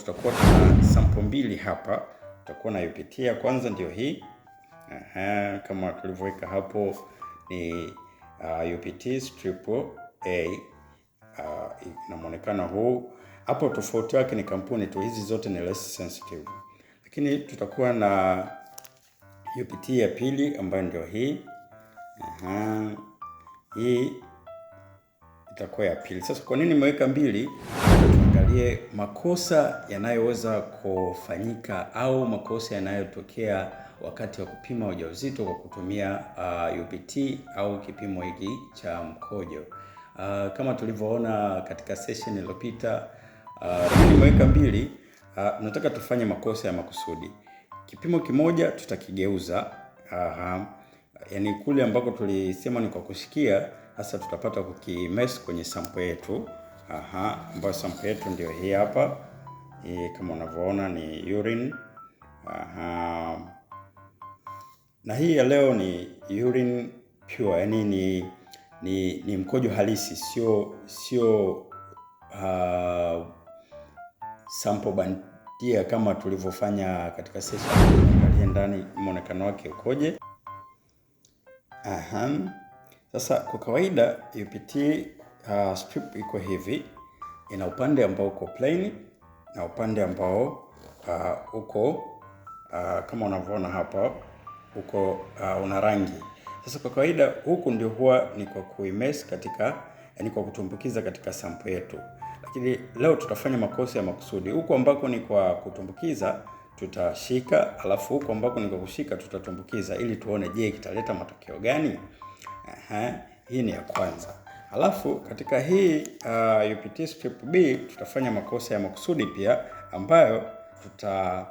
Tutakuwa tuna sample mbili hapa, tutakuwa naipitia. Kwanza ndio hii aha, kama tulivyoweka hapo ni uh, UPT strip A uh, na muonekano huu hapo. Tofauti yake ni kampuni tu, hizi zote ni less sensitive, lakini tutakuwa na UPT ya pili ambayo ndio hii aha, hii itakuwa ya pili. Sasa kwa nini nimeweka mbili? tuangalie makosa yanayoweza kufanyika au makosa yanayotokea wakati wa kupima ujauzito kwa kutumia uh, UPT au kipimo hiki cha mkojo. Uh, kama tulivyoona katika session iliyopita uh, nimeweka mbili. Uh, nataka tufanye makosa ya makusudi. Kipimo kimoja tutakigeuza, uh, yani kule ambako tulisema ni kwa kusikia sasa tutapata kukimes kwenye sampo yetu Aha, ambayo sample yetu ndio hii hapa. Hii kama unavyoona ni urine. Aha. Na hii ya leo ni urine pure, yani ni ni, ni mkojo halisi, sio sio uh, sample bandia kama tulivyofanya katika session. ya ndani muonekano wake ukoje. Aha. Sasa kwa kawaida UPT uh, strip iko hivi, ina upande ambao uko plain na upande ambao uh, uko uh, kama unavyoona hapa uko uh, una rangi. Sasa kwa kawaida huku ndio huwa ni kwa kuimmerse katika, yani kwa kutumbukiza katika sampo yetu, lakini leo tutafanya makosa ya makusudi. Huku ambako ni kwa kutumbukiza tutashika, alafu huku ambako ni kwa kushika tutatumbukiza, ili tuone, je, kitaleta matokeo gani? Aha, hii ni ya kwanza. Halafu katika hii uh, ah, UPT script B tutafanya makosa ya makusudi pia ambayo tuta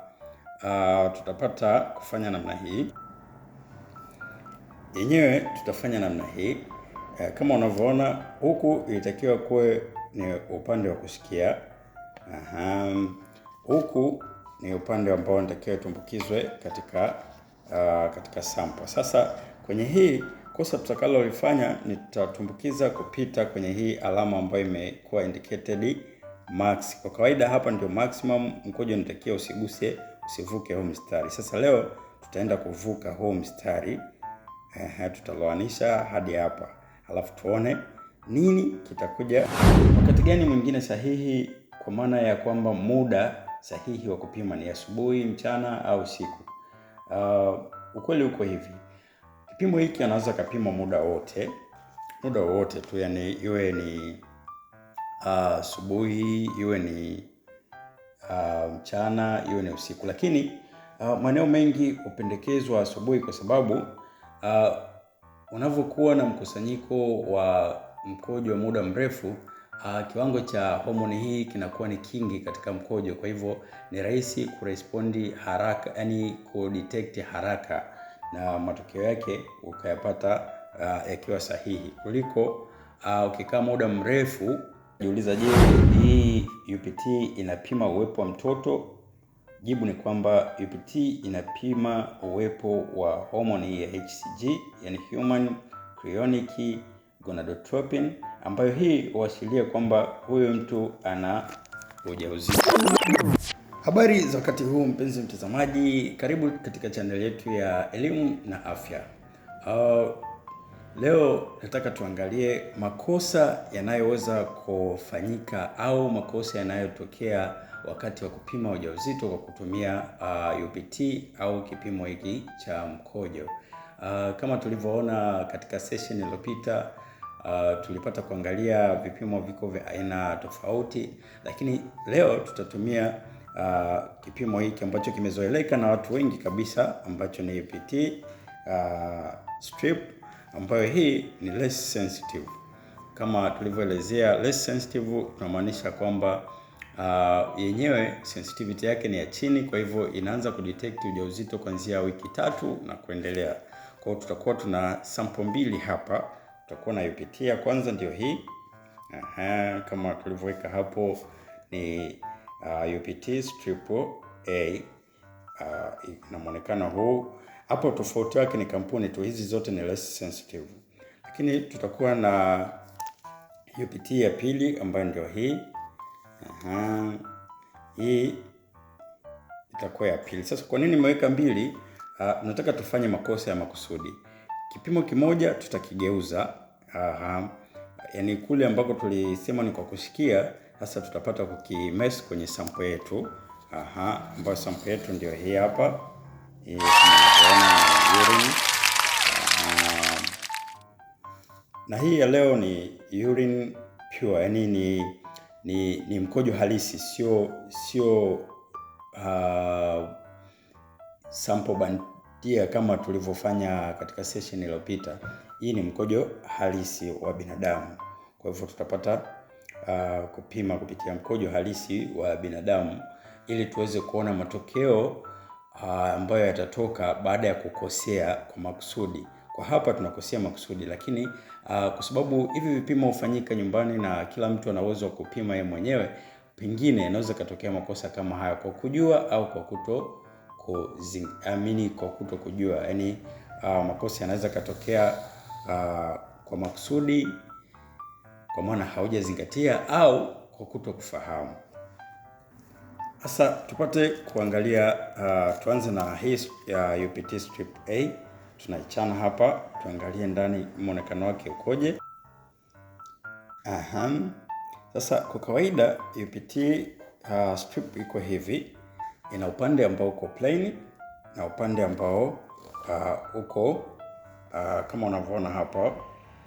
uh, tutapata kufanya namna hii yenyewe tutafanya namna hii uh, kama unavyoona huku ilitakiwa kuwe ni upande wa kusikia. Aha. Huku ni upande ambao nitakiwa tumbukizwe katika uh, katika sample. Sasa kwenye hii kosa tutakalolifanya nitatumbukiza kupita kwenye hii alama ambayo imekuwa indicated max. Kwa kawaida hapa ndio maximum, mkojo unatakiwa usiguse, usivuke huu mstari. Sasa leo tutaenda kuvuka huu mstari eh, tutaloanisha hadi hapa, alafu tuone nini kitakuja, wakati gani mwingine sahihi, kwa maana ya kwamba muda sahihi wa kupima ni asubuhi, mchana au siku. Uh, ukweli uko hivi Kipimo hiki anaweza kapima muda wote, muda wowote tu, yani iwe ni ah, asubuhi uh, iwe ni ah, mchana uh, iwe ni usiku, lakini uh, maeneo mengi hupendekezwa asubuhi kwa sababu uh, unavyokuwa na mkusanyiko wa mkojo wa muda mrefu Uh, kiwango cha homoni hii kinakuwa ni kingi katika mkojo, kwa hivyo ni rahisi kurespondi haraka, yani kudetect haraka na matokeo yake ukayapata uh, yakiwa sahihi kuliko uh, ukikaa muda mrefu jiuliza, je, hii UPT inapima uwepo wa mtoto? Jibu ni kwamba UPT inapima uwepo wa homoni ya HCG, yani human chorionic gonadotropin, ambayo hii huashiria kwamba huyu mtu ana ujauzito. Habari za wakati huu mpenzi mtazamaji, karibu katika chaneli yetu ya elimu na afya. Uh, leo nataka tuangalie makosa yanayoweza kufanyika au makosa yanayotokea wakati wa kupima ujauzito kwa kutumia uh, UPT au kipimo hiki cha mkojo. Uh, kama tulivyoona katika session iliyopita Uh, tulipata kuangalia vipimo viko vya aina tofauti, lakini leo tutatumia uh, kipimo hiki ambacho kimezoeleka na watu wengi kabisa ambacho ni APT uh, strip ambayo hii ni less sensitive. Kama tulivyoelezea, less sensitive tunamaanisha kwamba uh, yenyewe sensitivity yake ni ya chini, kwa hivyo inaanza kudetect ujauzito kuanzia wiki tatu na kuendelea. Kwa hiyo tutakuwa tuna sample mbili hapa, tutakuwa na UPT ya kwanza ndio hii. Aha, kama tulivyoweka hapo ni uh, ah, UPT triple A uh, na mwonekano huu hapo. Tofauti wake ni kampuni tu, hizi zote ni less sensitive, lakini tutakuwa na UPT ya pili ambayo ndio hii. Aha. Hii itakuwa ya pili. Sasa kwa nini nimeweka mbili? Uh, nataka tufanye makosa ya makusudi. Kipimo kimoja tutakigeuza. Aha. Yaani kule ambako tulisema ni kwa kusikia sasa tutapata kukimes kwenye sample yetu aha, ambayo sample yetu ndio hii hapa hii na hii ya leo ni urine pure, yani ni, ni, ni mkojo halisi, sio sio uh, sample bandia kama tulivyofanya katika session iliyopita. Hii ni mkojo halisi wa binadamu, kwa hivyo tutapata uh, kupima kupitia mkojo halisi wa binadamu ili tuweze kuona matokeo uh, ambayo yatatoka baada ya kukosea kwa makusudi. Kwa hapa tunakosea makusudi, lakini uh, kwa sababu hivi vipimo hufanyika nyumbani na kila mtu ana uwezo wa kupima yeye mwenyewe, pengine inaweza katokea makosa kama haya kwa kujua au kwa kuto kuamini, kwa kuto kujua. Yani uh, makosa yanaweza katokea uh, kwa makusudi kwa maana haujazingatia au kwa kufahamu Sasa tupate kuangalia uh, tuanze na hii uh, UPT strip A tunaichana hapa, tuangalie ndani mwonekano wake ukoje. Aha. Sasa kwa kawaida UPT uh, strip iko hivi, ina upande ambao uko plain na upande ambao uh, uko uh, kama unavyoona hapa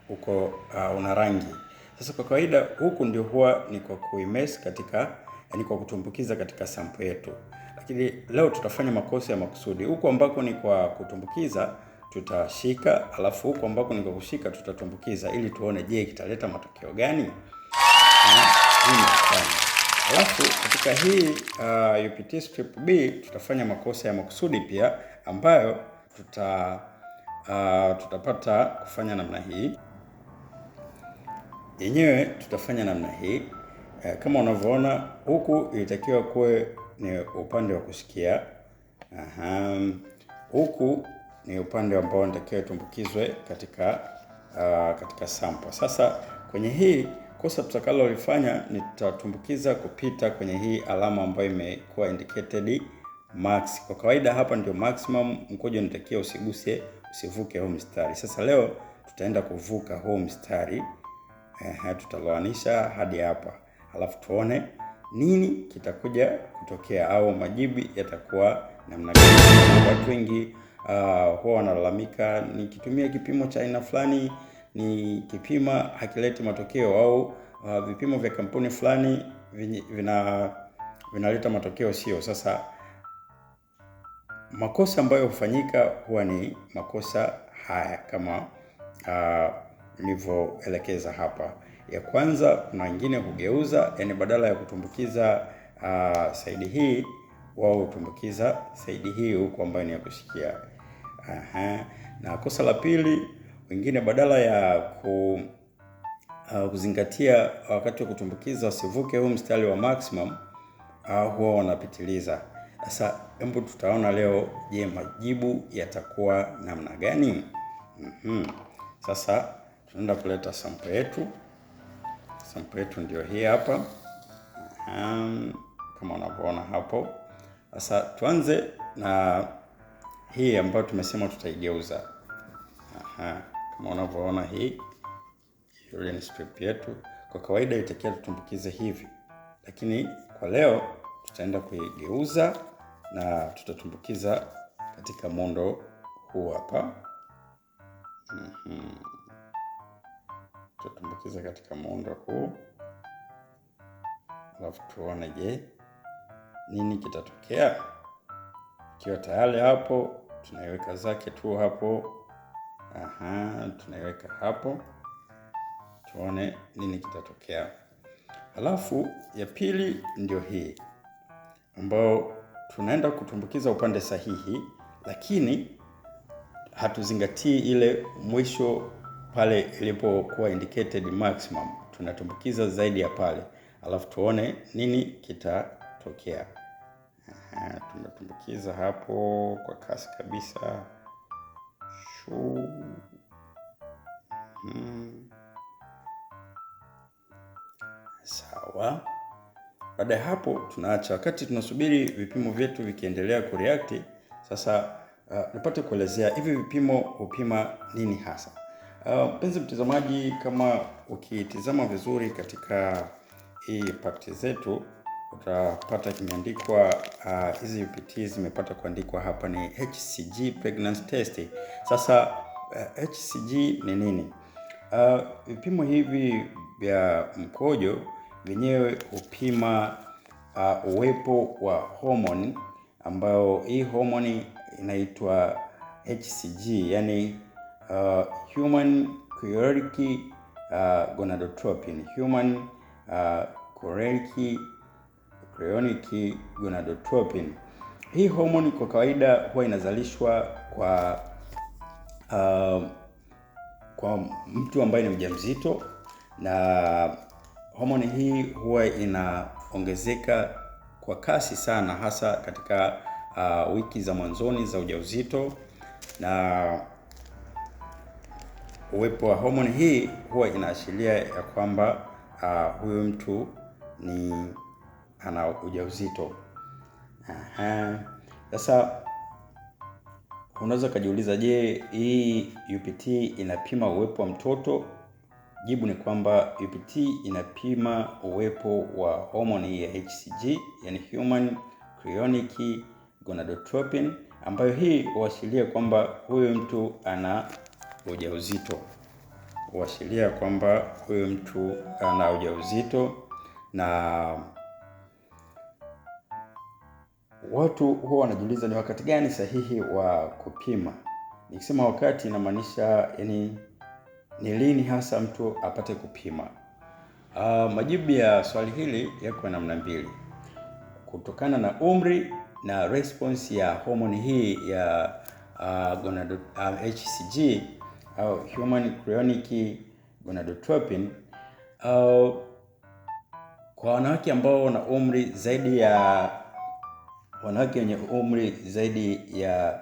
uko uh, una rangi sasa kwa kawaida huku ndio huwa ni kwa kuimmerse katika, yani kwa kutumbukiza katika sampo yetu, lakini leo tutafanya makosa ya makusudi. Huku ambako ni kwa kutumbukiza tutashika, alafu huku ambako ni kwa kushika tutatumbukiza, ili tuone, je, kitaleta matokeo gani? Alafu katika hii uh, UPT script B tutafanya makosa ya makusudi pia ambayo tuta uh, tutapata kufanya namna hii yenyewe tutafanya namna hii e, kama unavyoona huku ilitakiwa kuwe ni upande wa kusikia Aha, huku ni upande ambao natakiwa itumbukizwe katika uh, katika sample. Sasa kwenye hii kosa tutakalolifanya nitatumbukiza kupita kwenye hii alama ambayo imekuwa indicated max. Kwa kawaida hapa ndio maximum, mkojo natakiwa usiguse, usivuke huu mstari. Sasa leo tutaenda kuvuka huu mstari. Ehe, tutagawanisha hadi hapa, alafu tuone nini kitakuja kutokea au majibu yatakuwa namna gani. Watu wengi uh, huwa wanalalamika, nikitumia kipimo cha aina fulani ni kipima hakileti matokeo au uh, vipimo vya kampuni fulani vina vinaleta matokeo sio. Sasa makosa ambayo hufanyika huwa ni makosa haya kama uh, nilivyoelekeza hapa. Ya kwanza, kuna wengine hugeuza, yani badala ya kutumbukiza uh, saidi hii wao hutumbukiza saidi hii huku ambayo ni ya kushikia. Aha. Na kosa la pili, wengine badala ya ku uh, kuzingatia wakati wa kutumbukiza wasivuke huu mstari wa maximum uh, huwa wanapitiliza. Sasa hebu tutaona leo, je, majibu yatakuwa namna gani? mm -hmm. Sasa tunaenda kuleta sampo yetu. Sampo yetu ndio hii hapa, kama unavyoona hapo. Sasa tuanze na hii ambayo tumesema tutaigeuza. Aha, kama unavyoona hii urine strip yetu, kwa kawaida itakiwa tutumbukize hivi, lakini kwa leo tutaenda kuigeuza na tutatumbukiza katika muundo huu hapa. mm -hmm tutatumbukiza katika muundo huu, alafu tuone, je, nini kitatokea? Ikiwa tayari hapo, tunaiweka zake tu hapo. Aha, tunaiweka hapo, tuone nini kitatokea. Halafu ya pili ndio hii ambayo tunaenda kutumbukiza upande sahihi, lakini hatuzingatii ile mwisho pale ilipokuwa indicated maximum, tunatumbukiza zaidi ya pale, alafu tuone nini kitatokea. Aha, tumetumbukiza hapo kwa kasi kabisa Shuu. Hmm. Sawa. Baada ya hapo tunaacha, wakati tunasubiri vipimo vyetu vikiendelea kureact. Sasa uh, nipate kuelezea hivi vipimo hupima nini hasa. Eh, mpenzi uh, mtazamaji, kama ukitizama vizuri katika hii pakti zetu utapata kimeandikwa eh, hizi uh, UPT zimepata kuandikwa hapa ni HCG pregnancy test. Sasa uh, eh, HCG ni nini? Vipimo uh, hivi vya mkojo vyenyewe hupima uh, uwepo wa homoni ambayo hii homoni inaitwa HCG yani uh, human chorionic uh, gonadotropin human uh, chorionic chorionic gonadotropin. Hii homoni kwa kawaida huwa inazalishwa kwa uh, kwa mtu ambaye ni mjamzito, na homoni hii huwa inaongezeka kwa kasi sana, hasa katika uh, wiki za mwanzoni za ujauzito na uwepo wa homoni hii huwa inaashiria ya kwamba uh, huyu mtu ni ana ujauzito. Aha. Sasa unaweza ukajiuliza, je, hii UPT inapima uwepo wa mtoto? Jibu ni kwamba UPT inapima uwepo wa homoni ya HCG, yani human chorionic gonadotropin, ambayo hii huashiria kwamba huyu mtu ana ujauzito, huashiria kwamba huyu mtu ana ujauzito na watu huwa wanajiuliza ni wakati gani sahihi wa kupima. Nikisema wakati inamaanisha yani, ni lini hasa mtu apate kupima. Uh, majibu ya swali hili yako namna mbili, kutokana na umri na response ya homoni hii ya uh, ah, ah, HCG au human chorionic gonadotropin au kwa wanawake ambao wana umri zaidi ya wanawake wenye umri zaidi ya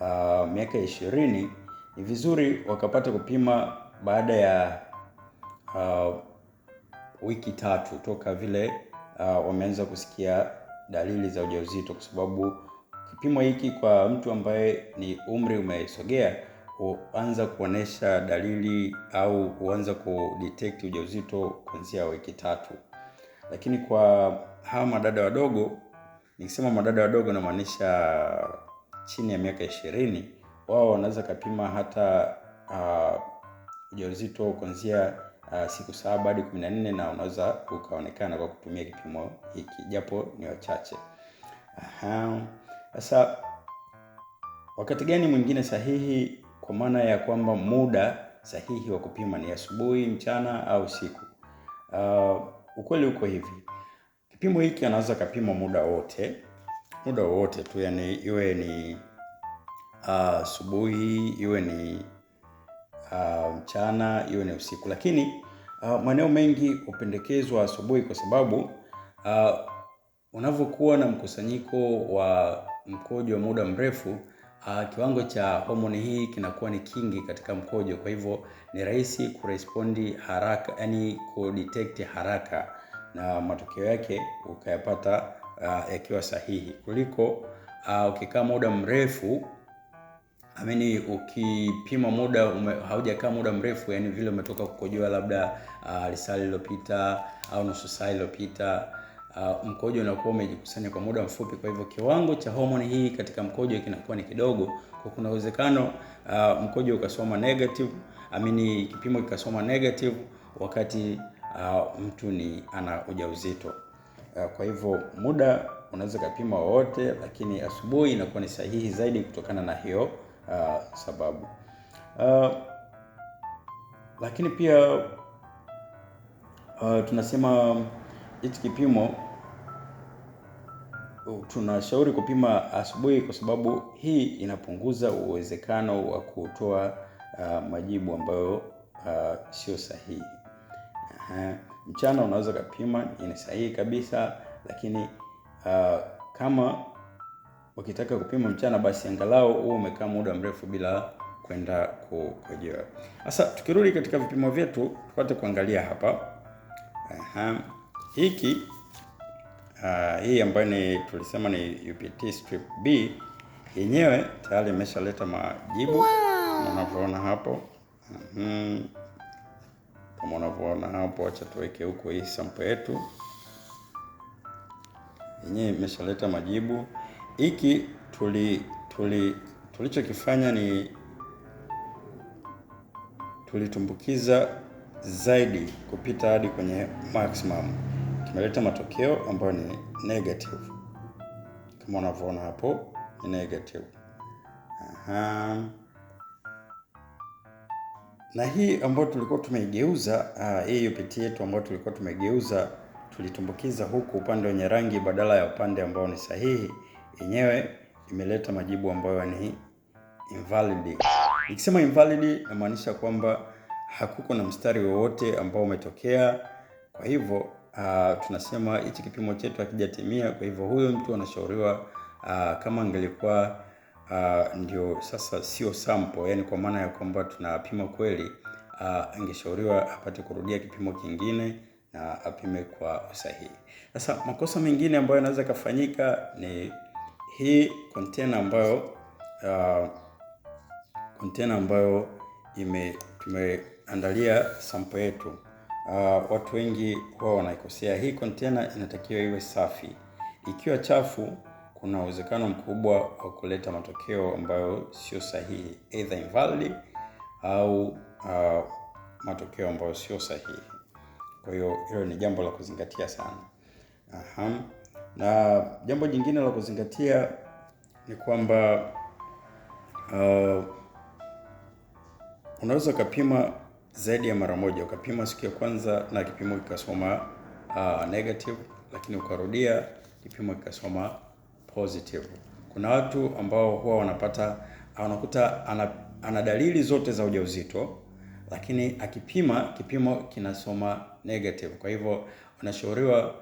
uh, miaka ishirini ni vizuri wakapata kupima baada ya uh, wiki tatu toka vile uh, wameanza kusikia dalili za ujauzito, kwa sababu kipimo hiki kwa mtu ambaye ni umri umesogea kuanza kuonesha dalili au kuanza kudetect ujauzito kuanzia wiki tatu. Lakini kwa hawa madada wadogo, nikisema madada wadogo namaanisha chini ya miaka ishirini, wao wanaweza kapima hata uh, ujauzito kuanzia uh, siku saba hadi kumi na nne na unaweza ukaonekana kwa kutumia kipimo hiki, japo ni wachache. Sasa wakati gani mwingine sahihi kwa maana ya kwamba muda sahihi wa kupima ni asubuhi, mchana au siku. Uh, ukweli uko hivi, kipimo hiki anaweza kapima muda wote, muda wote tu, yani iwe ni uh, asubuhi uh, iwe ni uh, mchana iwe ni usiku, lakini uh, maeneo mengi hupendekezwa asubuhi kwa sababu uh, unavyokuwa na mkusanyiko wa mkojo wa muda mrefu uh, kiwango cha homoni hii kinakuwa ni kingi katika mkojo, kwa hivyo ni rahisi kurespondi haraka, yani kudetect haraka na matokeo yake ukayapata uh, yakiwa sahihi kuliko uh, ukikaa muda mrefu amini ukipima muda haujakaa muda mrefu, yani vile umetoka kukojoa labda uh, risali iliyopita au nusu saa iliyopita uh, mkojo unakuwa umejikusanya kwa muda mfupi. Kwa hivyo kiwango cha homoni hii katika mkojo kinakuwa ni kidogo, kwa kuna uwezekano uh, mkojo ukasoma negative, amini kipimo kikasoma negative wakati uh, mtu ni ana ujauzito uh, kwa hivyo muda unaweza kupima wowote, lakini asubuhi inakuwa ni sahihi zaidi kutokana na hiyo uh, sababu uh, lakini pia uh, tunasema hichi kipimo tunashauri kupima asubuhi, kwa sababu hii inapunguza uwezekano wa kutoa uh, majibu ambayo uh, sio sahihi. Uh, Mchana unaweza kupima, ni sahihi kabisa, lakini uh, kama ukitaka kupima mchana, basi angalau huo umekaa muda mrefu bila kwenda kukojoa. Sasa tukirudi katika vipimo vyetu tupate kuangalia hapa. Aha hiki uh, hii ambayo ni tulisema ni UPT strip B yenyewe tayari imeshaleta majibu wow. Unavyoona hapo mm-hmm. Kama unavyoona hapo, acha tuweke huko hii sample yetu yenyewe imeshaleta majibu. Hiki tuli tuli tulichokifanya ni tulitumbukiza zaidi kupita hadi kwenye maximum tumeleta matokeo ambayo ni negative, kama unavyoona hapo ni negative. Aha. Na hii ambayo tulikuwa tumeigeuza ah, hii UPT yetu ambayo tulikuwa tumegeuza tulitumbukiza huku upande wenye rangi badala ya upande ambao ni sahihi, yenyewe imeleta majibu ambayo ni invalid. Nikisema invalid namaanisha kwamba hakuko na mstari wowote ambao umetokea, kwa hivyo uh, tunasema hichi kipimo chetu hakijatimia. Kwa hivyo huyo mtu anashauriwa uh, kama angelikuwa uh, ndio sasa sio sample, yani kwa maana ya kwamba tunapima kweli uh, angeshauriwa apate kurudia kipimo kingine na apime kwa usahihi. Sasa makosa mengine ambayo yanaweza kufanyika ni hii container ambayo uh, container ambayo ime tumeandalia sample yetu uh, watu wengi huwa wanaikosea hii. Kontena inatakiwa iwe safi. Ikiwa chafu, kuna uwezekano mkubwa wa kuleta matokeo ambayo sio sahihi, either invalid au uh, matokeo ambayo sio sahihi. Kwa hiyo hilo ni jambo la kuzingatia sana. Aha. Na jambo jingine la kuzingatia ni kwamba uh, unaweza ukapima zaidi ya mara moja, ukapima siku ya kwanza na kipimo kikasoma uh, negative, lakini ukarudia kipimo kikasoma positive. Kuna watu ambao huwa wanapata wanakuta ana, ana dalili zote za ujauzito lakini akipima kipimo kinasoma negative. Kwa hivyo unashauriwa